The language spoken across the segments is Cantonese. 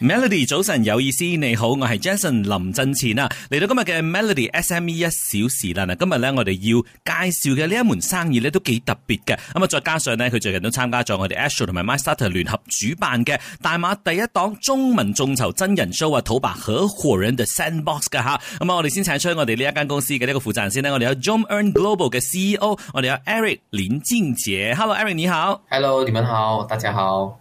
Melody 早晨有意思，你好，我係 Jason 林振前啊，嚟到今日嘅 Melody SME 一小時啦。嗱，今日咧我哋要介紹嘅呢一門生意咧都幾特別嘅，咁啊再加上咧佢最近都參加咗我哋 Astro 同埋 MyStarter 聯合主辦嘅大馬第一檔中文眾籌真人 show 啊，土白合伙人的 sandbox 噶吓。咁、嗯、啊，我哋先請出我哋呢一間公司嘅呢個負責人先呢，我哋有 John Earn Global 嘅 CEO，我哋有 Eric 林俊杰。Hello，Eric 你好。Hello，你們好，大家好。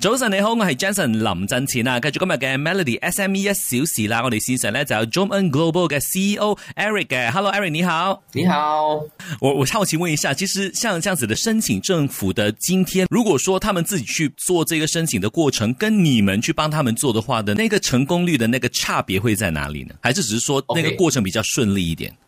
早晨你好，我係 Jenson 林真前啊，繼續今日嘅 Melody SME 一小時啦，我哋線上咧就有 Zoomn Global 嘅 CEO Eric 嘅，Hello Eric 你好，你好，我我好奇問一下，其實像這樣子的申請政府的津貼，如果說他們自己去做這個申請的過程，跟你們去幫他們做的話，的那個成功率的那個差別會在哪裡呢？還是只是說那個過程比較順利一點？Okay.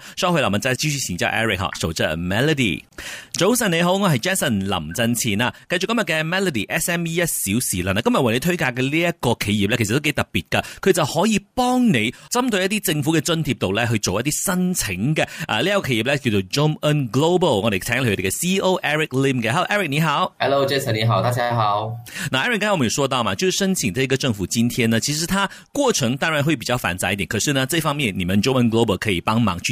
雙匯劉文再繼續請教 Eric 學，守則 Melody。早晨你好，我係 Jason 林振前啊。繼續今日嘅 Melody SME 一小時輪。嗱，今日為你推介嘅呢一個企業咧，其實都幾特別噶。佢就可以幫你針對一啲政府嘅津貼度咧去做一啲申請嘅。啊，呢、這個企業咧叫做 John Global，我哋請佢哋嘅 CEO Eric Lim 嘅。Hello Eric，你好。Hello Jason，你好，大家好。嗱，Eric，剛才我哋說到嘛，就是，申請這一個政府津貼呢，其實它過程當然會比較繁雜一點。可是呢，這方面你們 John Global 可以幫忙去。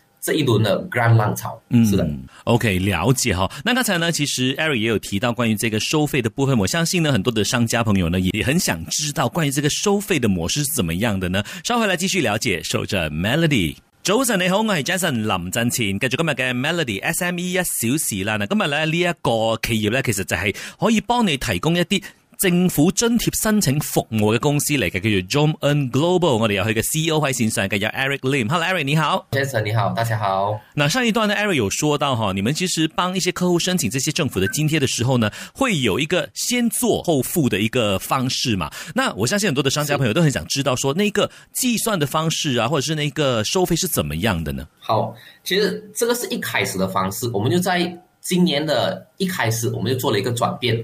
這一輪的 grand 浪潮，是的，嗯，OK，了解哈，哦。那剛才呢，其實 Eric 也有提到關於這個收費的部分，我相信呢，很多的商家朋友呢，也很想知道關於這個收費的模式是怎麼樣的呢？稍後來繼續了解。守着 Melody，早晨，你好，我係 Jason 林振琴。跟住今日嘅 Melody SME 一小時啦，嗱，今日咧呢一個企業咧，其實就係可以幫你提供一啲。政府津貼申請服務嘅公司嚟嘅，叫做 j Global, o n m n Global。我哋有佢嘅 C E O 喺綫上嘅，叫 Eric Lim。Hello Eric，你好，Jason 你好，大家好。嗱，上一段呢，Eric 有說到哈，你們其實幫一些客戶申請這些政府的津貼的時候呢，會有一個先做後付嘅一個方式嘛？那我相信很多的商家朋友都很想知道說，說是那個計算的方式啊，或者是那個收費是怎麼樣的呢？好，其實這個是一開始的方式，我們就在今年的一開始，我們就做了一個轉變。